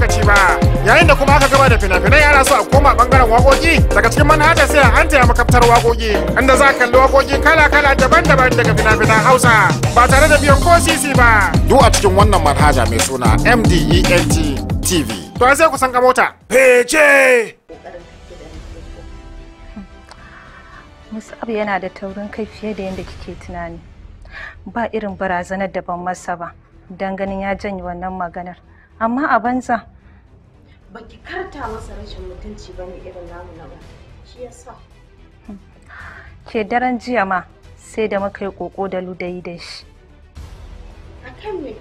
lokaci ba yayin da kuma aka gaba da fina-finai ana so a koma bangaren wakoki daga cikin manhaja sai an taya makaftar wakoki inda za a kalli wakoki kala-kala daban-daban daga fina-finan hausa ba tare da biyan ko sisi ba duk a cikin wannan manhaja mai suna mdent tv to sai ku san ka mota fece hmm. Musab yana da taurin kai fiye da yadda kike tunani. Ba irin barazanar da ban masa ba, don ganin ya janye wannan maganar. Amma a banza, baki karta masa rashin mutunci bane irin namu na ba shi yasa ke daren jiya ma sai da muka yi koko da ludayi da shi akan me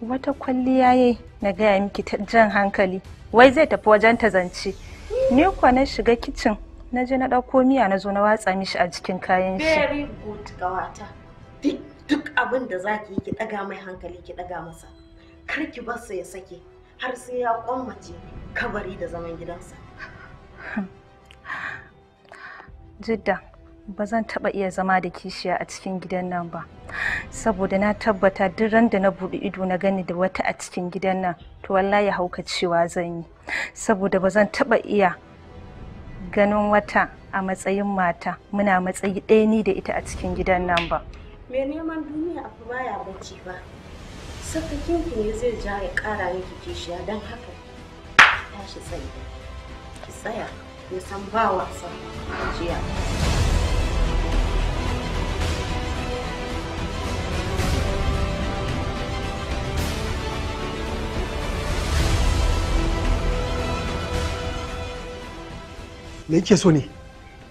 wata kwalliya yayi na gaya miki ta jan hankali wai zai tafi wajen ta zance ni kuwa na shiga kicin na je na ɗauko miya na zo na watsa mishi a cikin kayan shi very good gawata duk abin da zaki ki ɗaga mai hankali ki ɗaga masa kar ki bar sa ya sake har sai ya kwammace kabari da zaman gidansa. Jidda, ba zan taɓa iya zama da kishiya a cikin gidan nan ba. Saboda na tabbata duk ran da na buɗe ido na gani da wata a cikin gidan nan, to wallahi hauka cewa zan yi. Saboda ba zan taɓa iya ganin wata a matsayin mata muna matsayi ɗaya ni da ita a cikin gidan nan ba. Me neman duniya abu baya bacci ba. sakakin ki ne zai ja ya ƙara miki kishiya don haka tashi tsaye ki tsaya ki san ba wasa jiya me yake so ne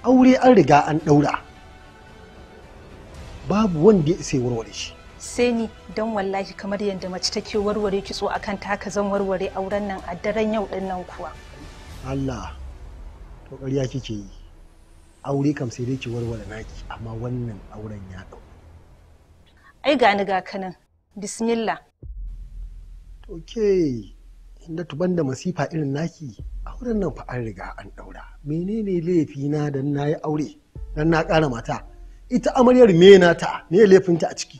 aure an riga an ɗaura babu wanda ya isa warware shi sai ni don wallahi kamar yadda mace take warware kitso akan ta haka zan warware auren nan a daren yau din nan kuwa Allah to ƙarya kike yi aure kam sai dai ki warware naki amma wannan auren ya dau ai ga ni ga nan, bismillah to ke inda tuban da masifa irin naki auren nan fa an riga an daura menene laifi na dan nayi aure dan na ƙara mata ita amaryar me na ta ne laifinta a ciki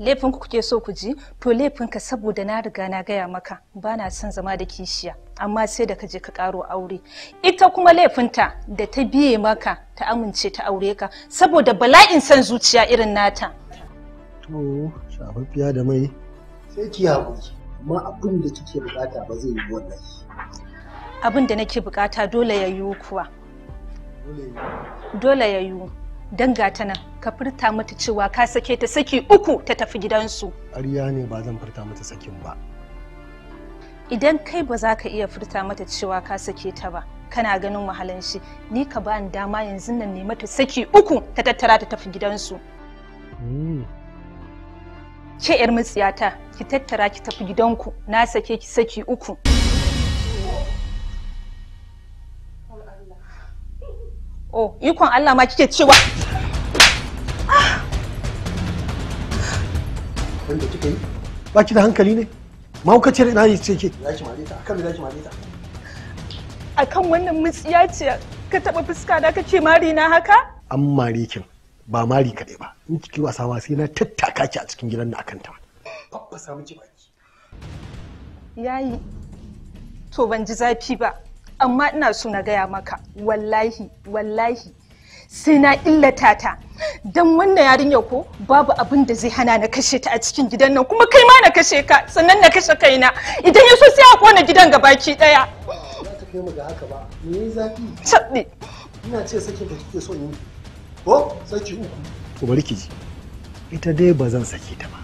laifin ku kuke so ku ji to laifin ka saboda na riga na gaya maka ba na son zama da kishiya amma sai da ka je ka karo aure ita kuma laifinta da ta biye maka ta amince ta aure ka saboda bala'in san zuciya irin nata to shafaffiya da mai sai ki haƙuri amma abin da kike bukata ba zai yi wannan abin da nake bukata dole ya yi kuwa dole ya yi Dangata nan ka furta mata cewa ka sake ta saki uku ta tafi gidansu. Ƙarya ne ba zan furta mata sakin ba. Idan kai ba za ka iya furta mata cewa ka sake ta ba, kana ganin wahalan shi, ni ka ba dama yanzu nan ne mata saki uku ta tattara ta tafi gidansu. Hmm. Ke ‘yar mutsiyata, ki tattara ki tafi gidanku, na sake ki saki uku. Oh, ikon Allah ma kike cewa. abin da kika yi ba ki da hankali ne mahaukaciyar ina ne ce ke zaki mare akan akan wannan mutsiya ce ka taba fuska da ka ce mari na haka an mari kin ba mari kaɗai ba in kike wasa ma sai na tattaka ki a cikin gidan na akan ta samu miki baki yayi to ban ji zafi ba amma ina so na gaya maka wallahi wallahi sai na illata ta don wannan yarinyar ko babu abin da zai hana na kashe ta a cikin gidan nan kuma kai ma na kashe ka sannan na kashe kaina idan ya so sai a kona gidan gabaki daya ba ta kai mu ga haka ba me yi zafi ina ce sakin kike so ko saki uku to bari ki ji ita dai ba zan sake ta ba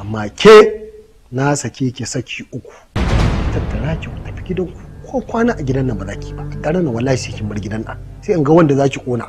amma ke na sake ki saki uku tattara ki ku tafi ku. ko kwana a gidan nan ba za ki ba a garin wallahi sai kin bar gidan nan sai in ga wanda za ki kona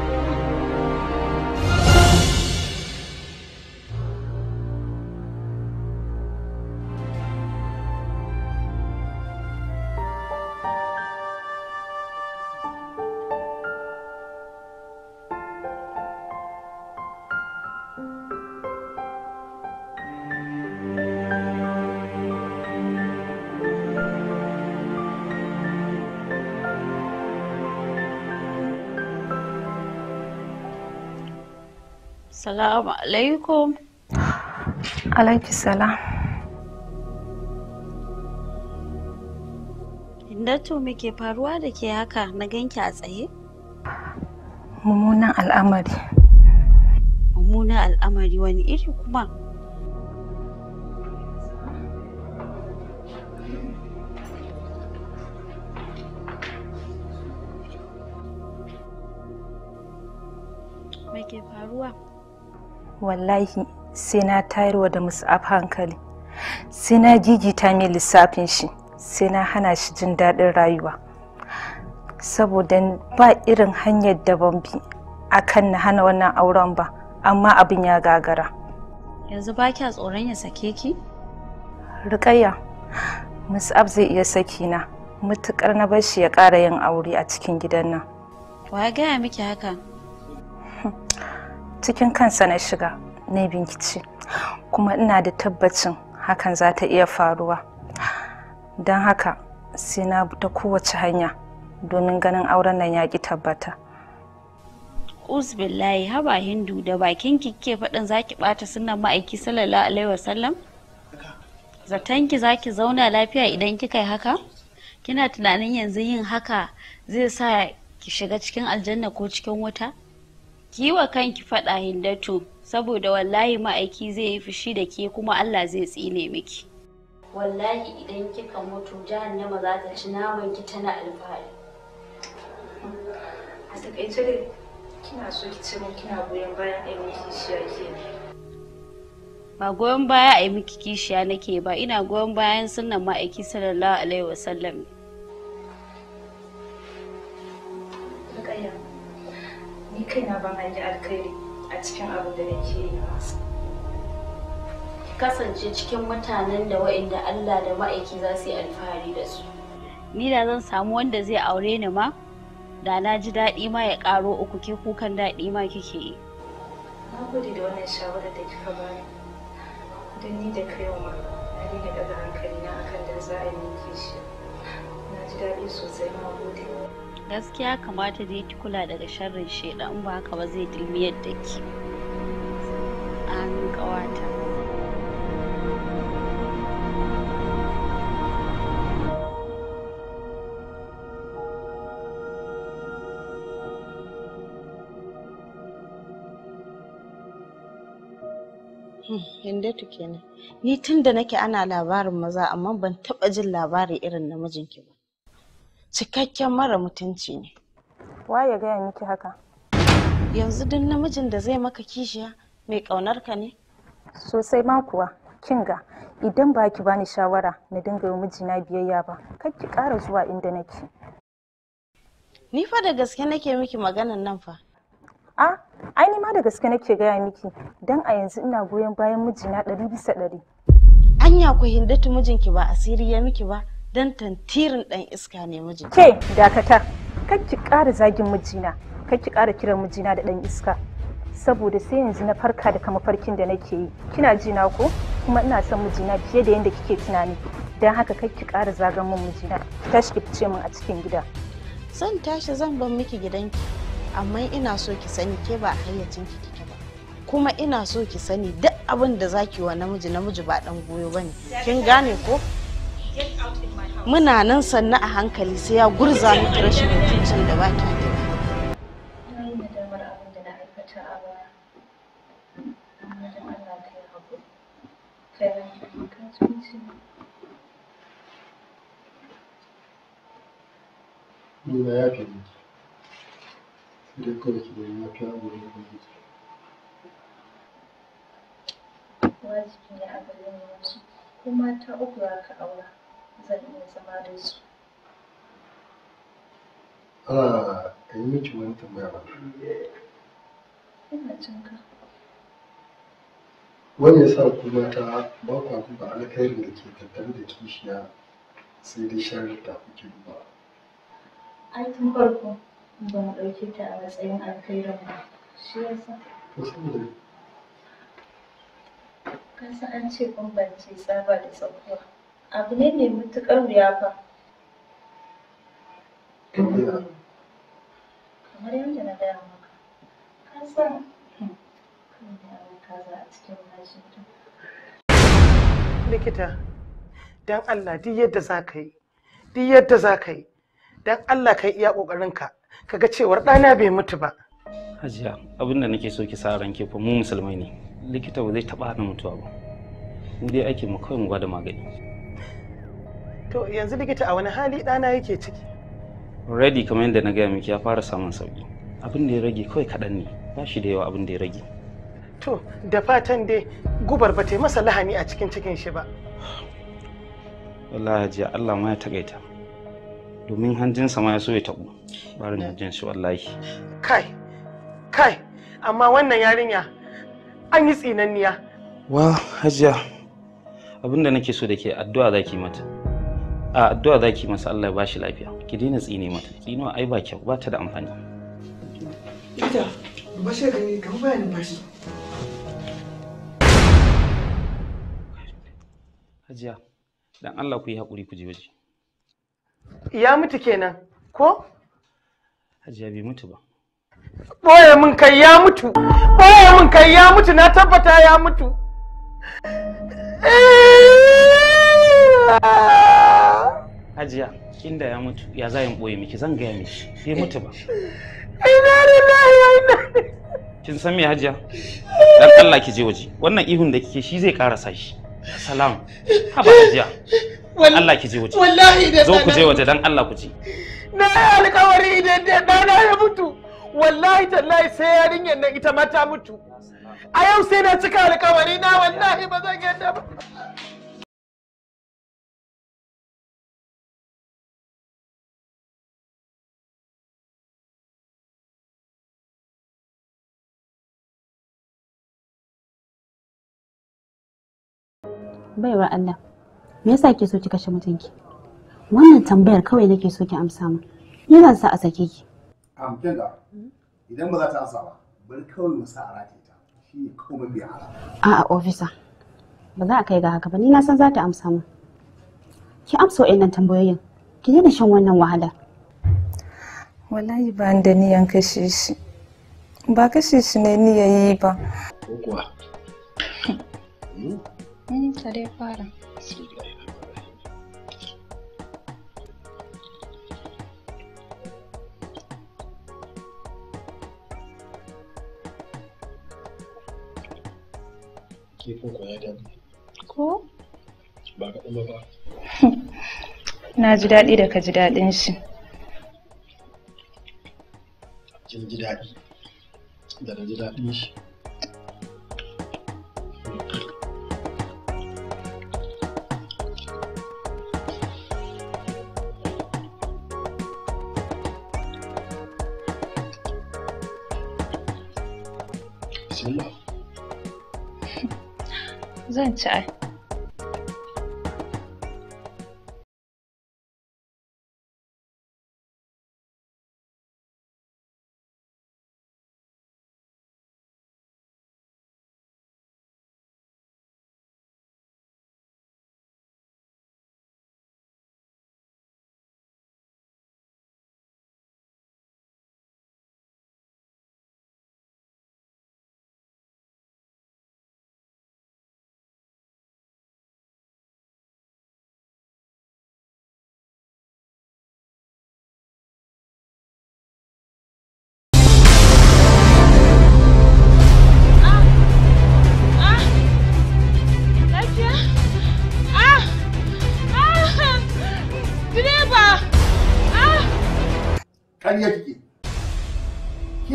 Salamu alaikum. Alaiki salam. Indatu me ke faruwa da ke haka na ganki a tsaye? Mummunan al'amari. Mummunan al'amari wani iri kuma? Me ke faruwa? wallahi sai na tayarwa da mus'ab hankali sai na gigita mai lissafin shi sai na hana shi jin daɗin rayuwa saboda ba irin hanyar da ban bi akan na hana wannan auren ba amma abin ya gagara yanzu ba kya tsoron ya sake ki rikayya mus'ab zai iya saki na matukar na bar shi ya ƙara yin aure a cikin gidan nan wa gaya miki haka cikin kansa na shiga na binkici kuma ina da tabbacin hakan za ta iya faruwa don haka sai na ta kowace hanya domin ganin auren nan ya ki tabbata uzbillahi haba hindu da bakin kike faɗin zaki ɓata sunan ma'aiki sallallahu alaihi wasallam za zaki zauna lafiya idan kika yi haka kina tunanin yanzu yin haka zai sa ki shiga cikin aljanna ko cikin wuta ki yi wa kanki faɗa hindatu saboda wallahi ma'aiki zai yi fushi da ke kuma allah zai tsine miki wallahi idan kika mutu jahannama za ta ci naman ki tana alfahari a takaice dai kina so ki ce mun kina goyon bayan ai miki kishiya ke ba goyon baya ai miki kishiya nake ba ina goyon bayan sunan ma'aiki sallallahu alaihi wasallam ne kaina ban hangi alkhairi a cikin abin da nake yi Ki kasance cikin mutanen da wa'inda Allah da ma'aiki za su yi alfahari da su ni da zan samu wanda zai aure ni ma da na ji daɗi ma ya ƙaro uku ke kukan daɗi ma kike yi na gode da wannan shawara da kika bani don ni da kai ma na daina ɗaga hankali na akan da za a yi min kishi na ji daɗi sosai na gode gaskiya kamata dai ki kula daga sharrin shaidan in ba haka ba zai dilmiyar da ki amin hmm, Hindatu kenan ni tun da nake ana labarin maza amma ban taɓa jin labari irin na mijinki ba cikakken mara mutunci ne wa ya gaya miki haka yanzu duk namijin da zai maka kishiya mai ƙaunar ka ne sosai ma kuwa kinga idan ba ki bani shawara na dinga yi mijina biyayya ba kar ki kara zuwa inda nake ni fa da gaske nake miki maganan nan fa a ai ni ma da gaske nake gaya miki dan a yanzu ina goyon bayan mijina ɗari bisa ɗari anya ku hindatu mijinki ba asiri ya miki ba dan tantirin dan iska ne miji ke dakata kan ki ƙara zagin mijina kan ki ƙara kiran mijina da dan iska saboda sai yanzu na farka da kama farkin da nake yi kina jina ko kuma ina son mijina fiye da yadda kike tunani don haka kai ki ƙara zagan mun mijina tashi ki fice min a cikin gida zan tashi zan ban miki gidanki amma ina so ki sani ke ba hayyacin ki kike ba kuma ina so ki sani duk abin da zaki wa namiji namiji ba dan goyo bane kin gane ko muna nan sannu a hankali sai ya gurza miki rashin mutuncin da baki ki Allah ya fi duk kawai ki da ya fi abu da Wajibi ne a kuma ta uku ka aura. zan iya zama da su ana ah, ka yi miki wani tambaya ba ina jin ka wani ya sa ku mata ba ku ba alkhairin da ke tattare da kishiya sai dai sharar da kuke duba ai tun farko ba mu ɗauke ta a matsayin alkhairin ba shi yasa to saboda ka san an ce bambance tsaba da tsakuwa abu ne mai matuƙar wuya fa kamar yadda na gaya maka ka san hmm, kaza a cikin mashin likita don Allah duk yadda za ka yi duk yadda za ka yi don Allah ka yi iya ƙoƙarinka ka ga cewar ɗana bai mutu ba hajiya abin da nake so ki sa ran fa mu musulmai ne likita ba zai taɓa hana mutuwa ba in dai aikin mu kawai mu gwada magani To yanzu likita a wani hali ɗana yake ciki? Ready kamar yadda na gaya miki ya fara samun sauƙi. Abin da ya rage kawai kaɗan ne, ba shi da yawa abin da ya rage. To da fatan dai gubar ba ta masa lahani a cikin cikin shi ba. Wallahi hajiya Allah ma ya taƙaita. Domin hanjinsa ma ya so ya taɓu. na eh. jin shi wallahi. Kai, kai, amma wannan yarinya an yi tsinanniya. Wa hajiya da nake so da ke addu'a za ki mata. a addu'a za ki masa Allah ya bashi lafiya ki daina tsine mata tsinuwa ai ba kyau ba ta da amfani ita ba shi gani kan ba shi hajiya dan Allah ku yi hakuri ku je waje ya mutu kenan ko hajiya bai mutu ba boye mun kai ya mutu boye mun kai ya mutu na tabbata ya mutu Ah! hajiya inda ya mutu ya za in boye miki zan gaya miki bai mutu ba wa kin san me hajiya dan Allah ki je waje wannan ihun da kike shi zai karasa shi salam haba hajiya Allah ki je waje wallahi da zo ku je waje dan Allah ku je. na alƙawari idan dana ya mutu wallahi tallahi sai yarinyar nan ita ma ta mutu a yau sai na cika alƙawari na wallahi ba zan yadda ba baiwar Allah me yasa ke so ki kashe mutunki wannan tambayar kawai nake so ki amsa mu ni zan sa a sake ki am idan ba za ta amsa ba bari kawai mu sa a rate ta shi ne komai biya a'a officer ba za a kai ga haka ba ni na san za ta amsa mu. ki amsa wa'annan tambayoyin ki daina shan wannan wahala wallahi ba da niyan kashe shi ba kashe shi ne niyayi ba ko kuwa hmm? Hmm, tady je pár. ko ba ba na ji daɗi da ka ji daɗin shi Jin ji daɗi da na ji daɗin shi zan ci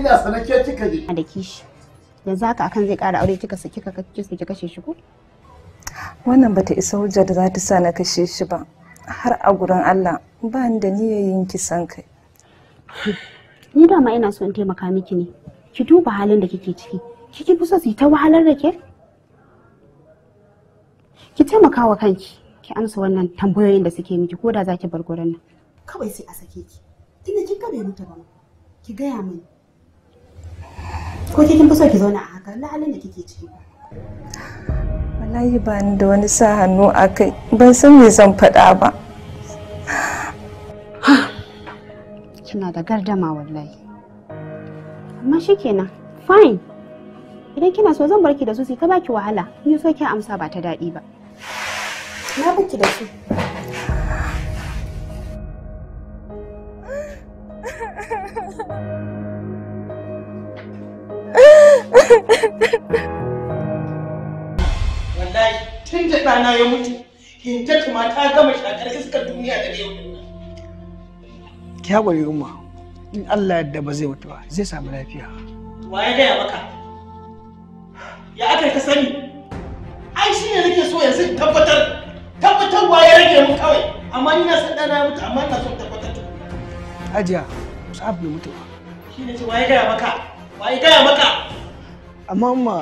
ina sana ke kika je da kishi yanzu haka akan zai ƙara aure kika saki ka kashe shi ko wannan bata isa hujja da za ta sa na kashe shi ba har a gurin Allah ba ni da niyyar kisan kai ni da ma ina so in taimaka miki ne ki duba halin da kike ciki kike fi so su ta wahalar da ke ki taimaka wa kanki ki amsa wannan tambayoyin da suke miki ko da za ki bar gurin nan kawai sai a sake ki tunda kin kabe mutu ki gaya mini ko ke kin fi so ki zauna a haka na halin da kike ciki wallahi ba ni da wani sa hannu a kai ban san me zan faɗa ba kina da gardama wallahi amma shikenan fine idan kina so zan barki da su sai ka baki wahala ni so ki amsa ba ta daɗi ba na baki da su ɗana ya mutu hintatu ma ta gama shakar iskar duniya da yau ki haƙuri umma in Allah yadda ba zai mutu ba zai samu lafiya wa ya gaya maka ya aka ka sani ai shi ne nake so yanzu tabbatar tabbatar wa ya rage mu kawai amma ina son san ɗana ya mutu amma ina son tabbatar Ajiya musab bai mutu ba shi ne ce wa ya gaya maka wa ya gaya maka amma umma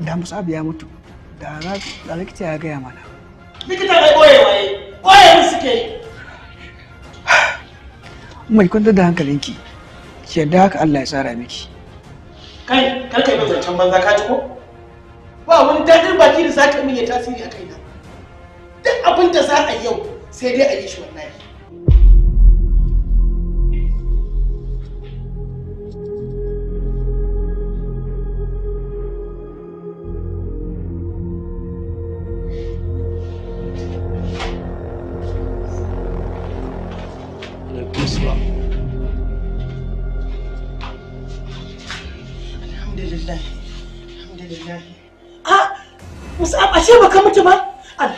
da musab ya mutu da likita ya gaya mana likita kai boye waye boye mu suke yi mai kwantar da hankalinki ki yarda haka Allah ya tsara miki kai kar kai zancen banza ka ci ko ba wani dadin baki da zaka min ya tasiri a kaina duk abin da za a yau sai dai a yi shi wallahi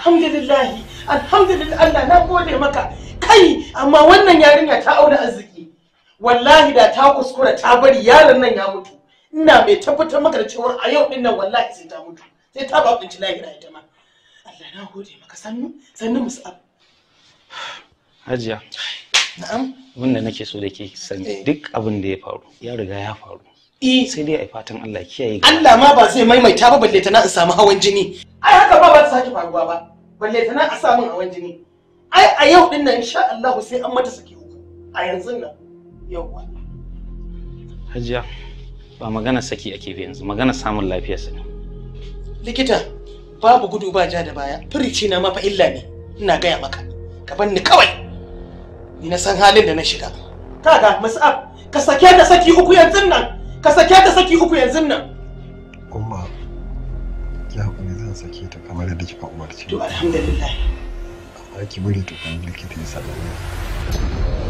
alhamdulillah alhamdulillah Allah na gode maka kai amma wannan yarinya ta auna arziki wallahi da ta kuskura ta bari yaron nan ya mutu ina mai tabbatar maka da cewa a yau din nan wallahi sai ta mutu sai ta babinci lahira ita ma Allah na gode maka sannu sannu musab hajiya na'am wanda nake so da ke sani eh. duk abin da ya faru ya riga ya faru eh. sai dai a fatan Allah kiyaye Allah ma ba zai maimaita ba balle ta na in samu hawan jini ai haka ba ba ta sake faruwa ba balle ta a samun hawan jini ai a yau din nan insha Allah sai an mata saki uku a yanzu nan yau hajiya ba magana saki ake bi yanzu magana samun lafiyar ne likita babu gudu ba ja da baya firici na ma illa ne ina gaya maka ka banni kawai ni na san halin da na shiga kaga musab ka sake ta saki uku yanzu nan ka sake ta saki uku yanzu nan zan sake ta kamar yadda kika umarce. To alhamdulillah. Amma ki bari kan likita ya sallame.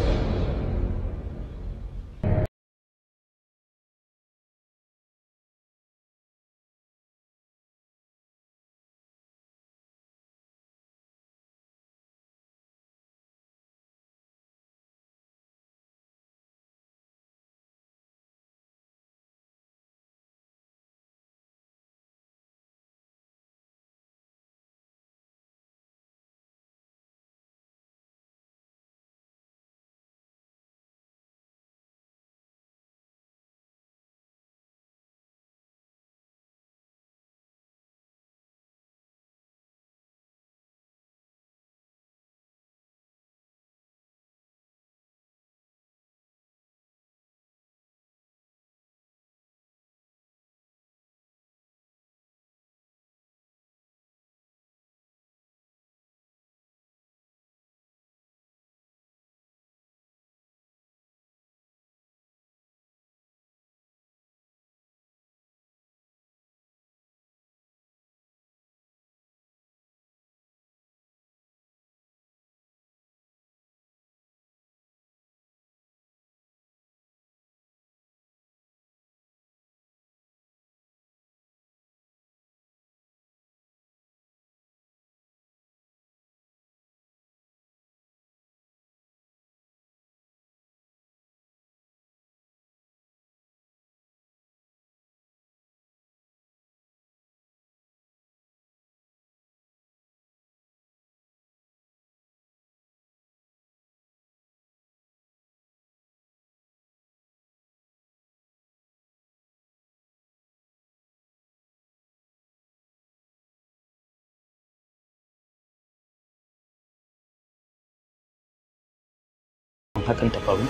hakan ta faru?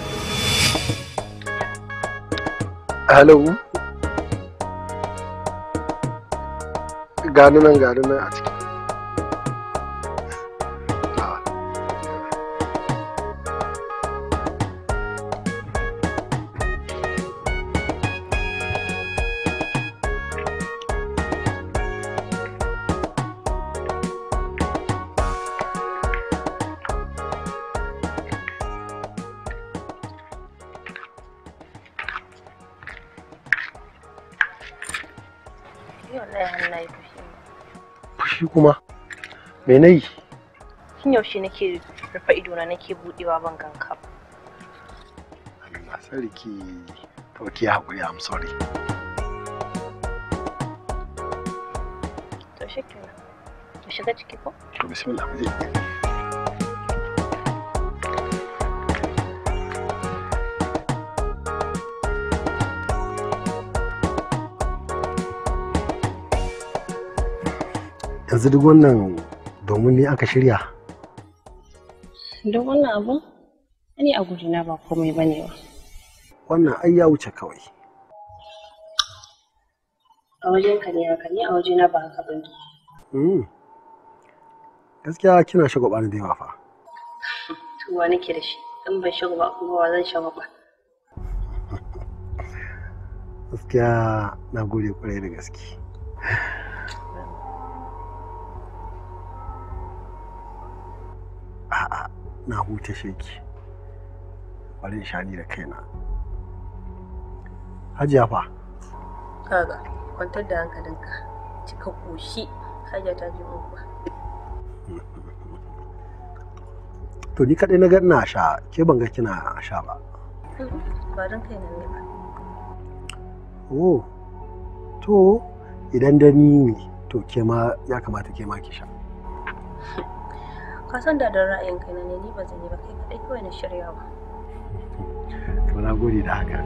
Hello? Gani nan gani nan a ciki. kuma me na yi tun yaushe nake rufe na nake budewa ban ganka Allah sarki to ki hakuri am sorry to shekin to shiga ciki ko to bismillah yanzu duk wannan domin ni aka shirya duk wannan abun ni a gudina ba komai ba ne ba wannan ai ya wuce kawai a wajen ka ne haka ni a wajena ba haka ba hmm. gaskiya kina shagwaba ni da yawa fa tuwa nake da shi in ban ba kuma ba, zan ba gaskiya na gode kwarai da gaske na huce sheki bari in shani da kaina hajiya fa kaga kwantar da hankalinka cika koshi hajiya ta ji ba to ni kadai na ga ina sha ke ban ga kina sha ba mhm, ba don kai ne ba oh to idan da ni ne to ke ma ya kamata ke ma ki sha ka san da don ra'ayin kai ne ni ba zan yi ba kai kaɗai kawai na shiryawa. ba. na gode da haka.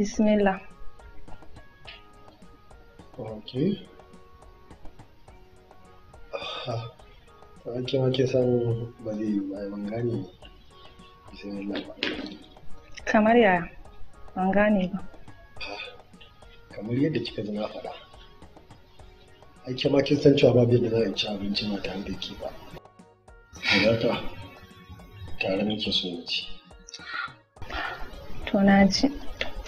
bismillah ok ake ake samun ba zai yi ba ban gane bismillah ba kamar yaya ban gane ba kamar yadda kika ji na faɗa Ake makin san cewa babu da za a ci abinci ma tare da ke ba Zata tare nake so na ci to na ji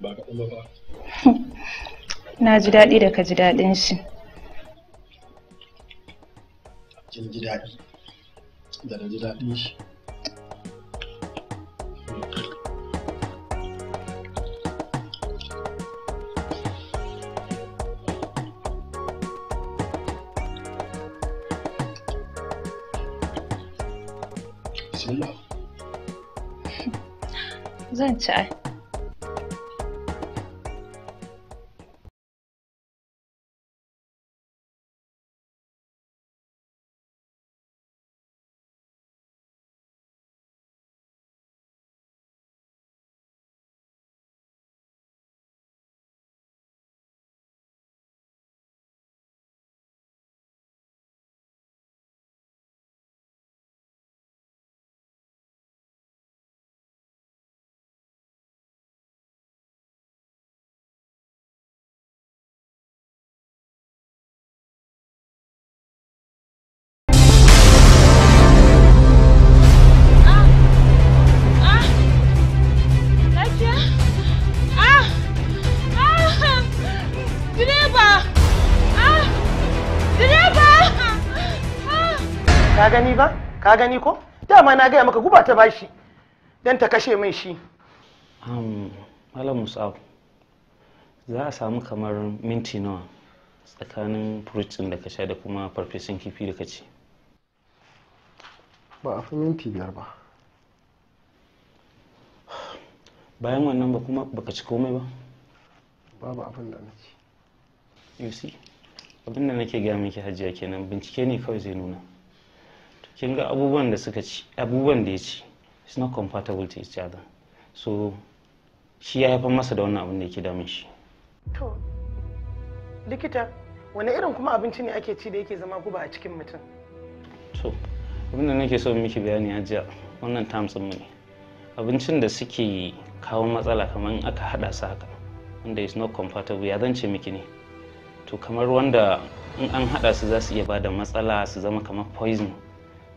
ba kaɗan ba na ji daɗi da ka ji daɗin shi kin ji daɗi da na ji daɗin shi zan ci ai ka gani ko dama na gaya maka guba ta bashi don ta kashe min shi malam Musa, za a samu kamar minti nawa tsakanin furucin da ka sha da kuma farfesun kifi da ka ci ba a fi minti biyar ba bayan wannan ba kuma baka ci komai ba babu abin da nake you see abin da nake gaya miki hajiya kenan bincike ne kawai zai nuna kin ga abubuwan da suka ci abubuwan da ya ci is not compatible to each other so shi ya haifar masa da wannan abin da yake damun shi to likita wani irin kuma abinci ne ake ci da yake zama guba a cikin mutum to abin da nake so miki bayani a jiya wannan tamsin mu ne abincin da suke kawo matsala kamar in aka hada su haka wanda is not compatible ya zance miki ne to kamar wanda in an hada su za su iya da matsala su zama kamar poison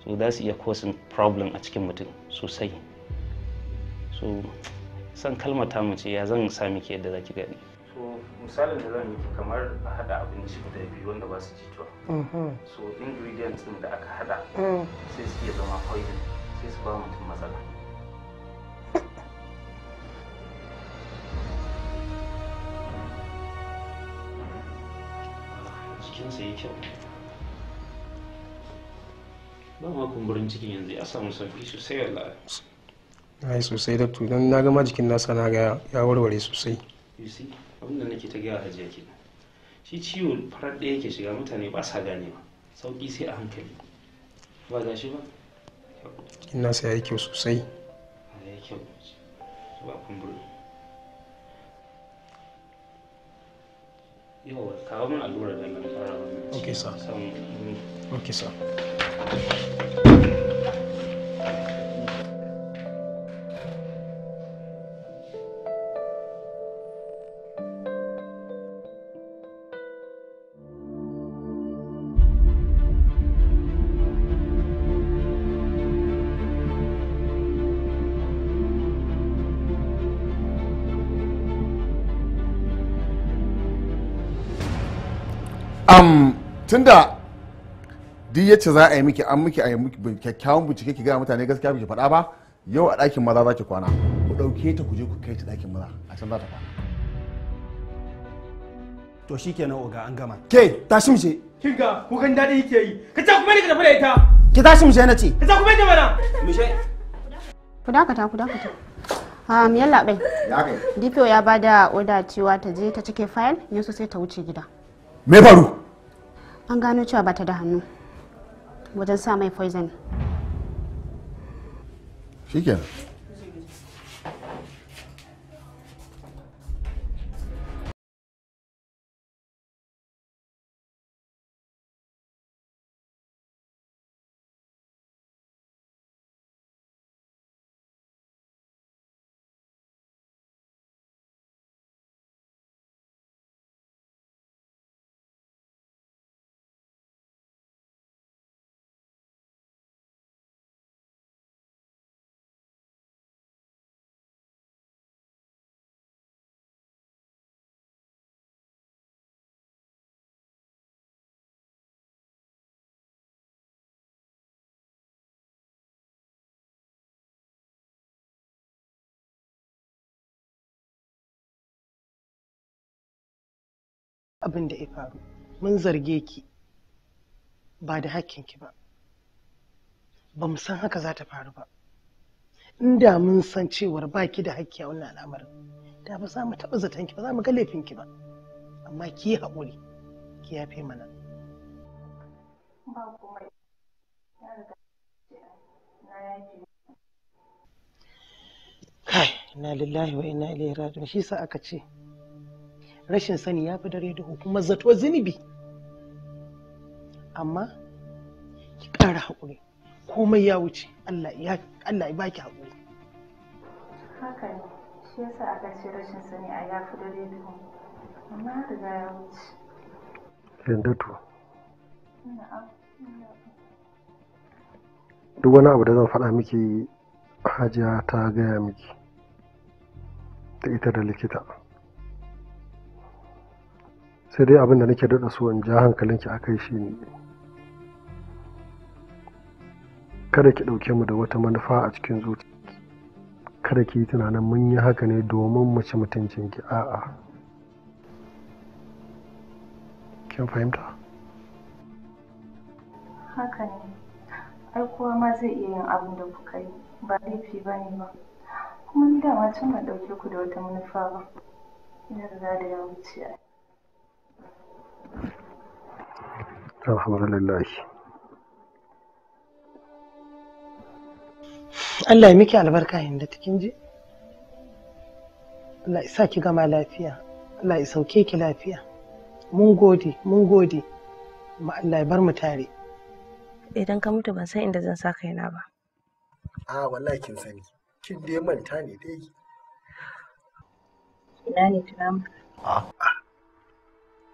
so za su iya causing problem a cikin mutum sosai so san kalmar ta ce ya zan sa miki yadda za ki gani so misalin da zan yi kamar a hada abinci da biyu wanda ba su jituwa mm-hmm. so ingredients din da aka hada mm. sai su iya zama poison sai su ba mutum matsala ba ma kumburin cikin yanzu ya samu sauki sosai wallahi na yi sosai da tu don na ma jikin nasa na ga ya warware sosai yusi abinda nake ta gaya hajiya ke shi ciwo farar ɗaya yake shiga mutane ba sa ba sauki sai a hankali ba za shi ba jikin nasa ya yi kyau sosai ya yi kyau ba kumburin Yau, kawo min allurar da na fara wannan. Okay, sir. Okay, sir. um, tunda duk yace za a yi miki an miki a yi miki kyakkyawan bincike ki ga mutane gaskiya biki faɗa ba yau a ɗakin maza za ki kwana ku ɗauke ta ku je ku kai ta ɗakin maza a can za ta kwana to shi kenan oga an gama ke tashi mu je kin ga kukan daɗi yake yi ka ce kuma ne ka tafi da ita ki tashi mu je na ce ka ce kuma ne mana mu je ku dakata ku dakata um, yalla bai dpo ya bada oda cewa ta je ta cike fayil yanzu sai ta wuce gida me faru an gano cewa bata da hannu wajen sa mai poison shikenan abin da ya faru mun zarge ki ba da hakkinki ba ba mu san haka za ta faru ba inda mun san cewar ba ki da hakki a wannan al'amarin da ba za mu taɓa zatonki ba za mu ga laifinki ba amma ki yi haƙuri ki yafe mana kai na lillahi wa ina ilaihi raji'un shi sa aka ce rashin sani ya fi dare duhu kuma zato zunubi amma ki ƙara haƙuri komai ya wuce Allah ya baki haƙuri haka ne shi yasa aka ce rashin sani a ya fi dare duhu amma ya riga ya wuce Lindatu duk wani abu da zan faɗa miki hajiya ta gaya miki da ita da likita sai dai abin da nake daɗa so in ja hankalinki a kai shi ne kada ki ɗauke mu da wata manufa a cikin zuci kada ki yi tunanin mun yi haka ne domin mu ci mutuncinki a'a kin fahimta haka ne ai kowa ma zai iya yin abin da kuka yi ba laifi ba ne ba kuma ni dama tun ban ɗauke ku da wata manufa ba ina da ya wuce alhamdulillah Allah ya miki albarka inda kin ji Allah ya sa ki gama lafiya Allah ya sauke ki lafiya mun gode mun gode ma Allah ya bar mu tare idan ka mutu ban san inda zan sa kaina ba a wallahi kin sani kin dai manta ne dai ina ne tunamu a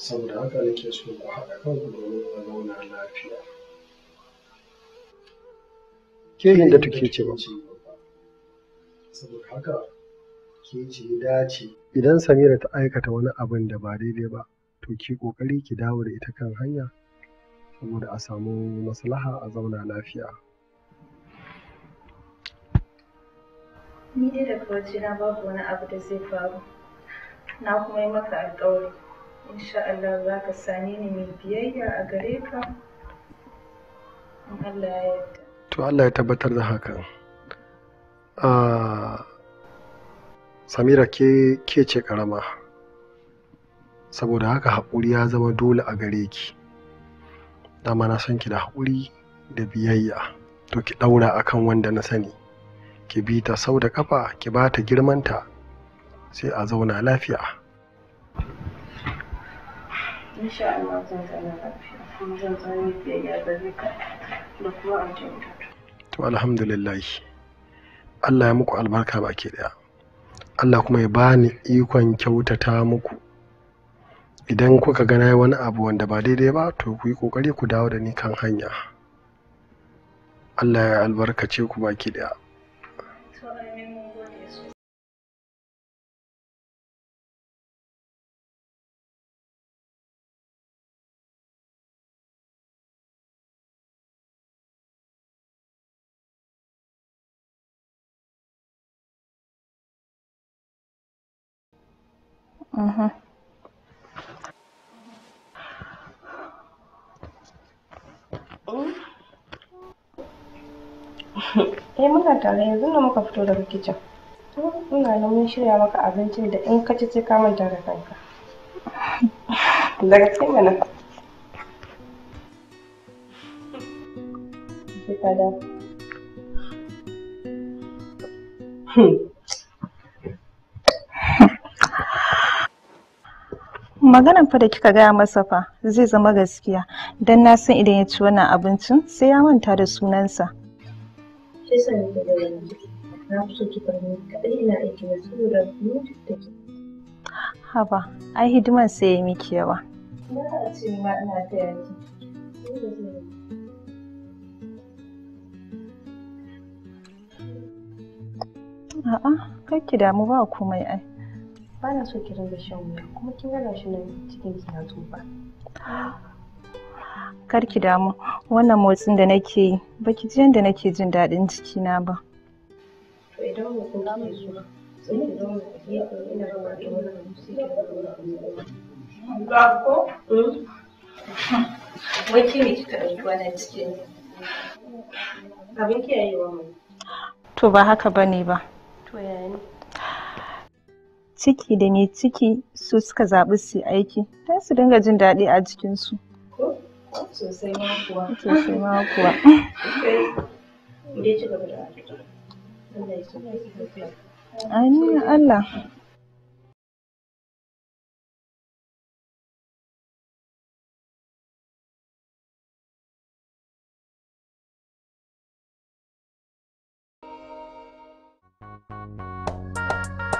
saboda haka nake so ku haɗa kanku domin a zauna lafiya. Ke da take ce ba. Saboda haka ke ce dace. Idan Samira ta aikata wani abin da ba daidai ba, to ki ƙoƙari ki dawo da ita kan hanya saboda a samu maslaha a zauna lafiya. Ni dai daga wajena babu wani abu da zai faru, na kuma yi maka alƙawari. insha Allah za ka same ni mai biyayya a gare ka in Allah ya yarda to Allah ya tabbatar da hakan Samira ke ke ce karama saboda haka haƙuri ya zama dole a gare ki dama na san ki da haƙuri da biyayya to ki ɗaura akan wanda na sani ki bi ta sau da ƙafa ki ba ta girmanta sai a zauna lafiya insha Allah zan lafiya kuma zan biyayya gare ka da kuma aljanna to alhamdulillah Allah ya muku albarka baki daya Allah kuma ya bani ikon kyautata muku idan kuka gana wani abu wanda ba daidai ba to ku yi kokari ku dawo da ni kan hanya Allah ya albarkace ku baki daya Mhm. Eh muna tare yanzu ne muka fito daga kicin. Ina nan mun shirya maka abincin da in ka ci sai ka manta da kanka. Daga cikin mana. Hmm. maganan fa da kika gaya masa fa zai zama gaskiya Dan na san idan ya ci wannan abincin sai ya manta da sunansa haba ai hidiman sai ya miki yawa a'a kar ki damu ba komai ai ba na so ki ringa shan wuya kuma kin ga shi nan cikin ki ya tsufa kar ki damu wannan motsin da nake yi ba ki ji yadda nake jin daɗin jikina ba to idan mutum na mai zuwa sai ki zo mu tafi ina rawa da wannan sai ki rawa ko wai ki ne kika ɗauki wannan cikin abin wa mai. to ba haka bane ba to yaya ne ciki da mai ciki su suka zaɓi su aiki don su dinga jin daɗi a jikinsu. Sosai ma kuwa. Sosai ma kuwa. Amin Allah. Thank you.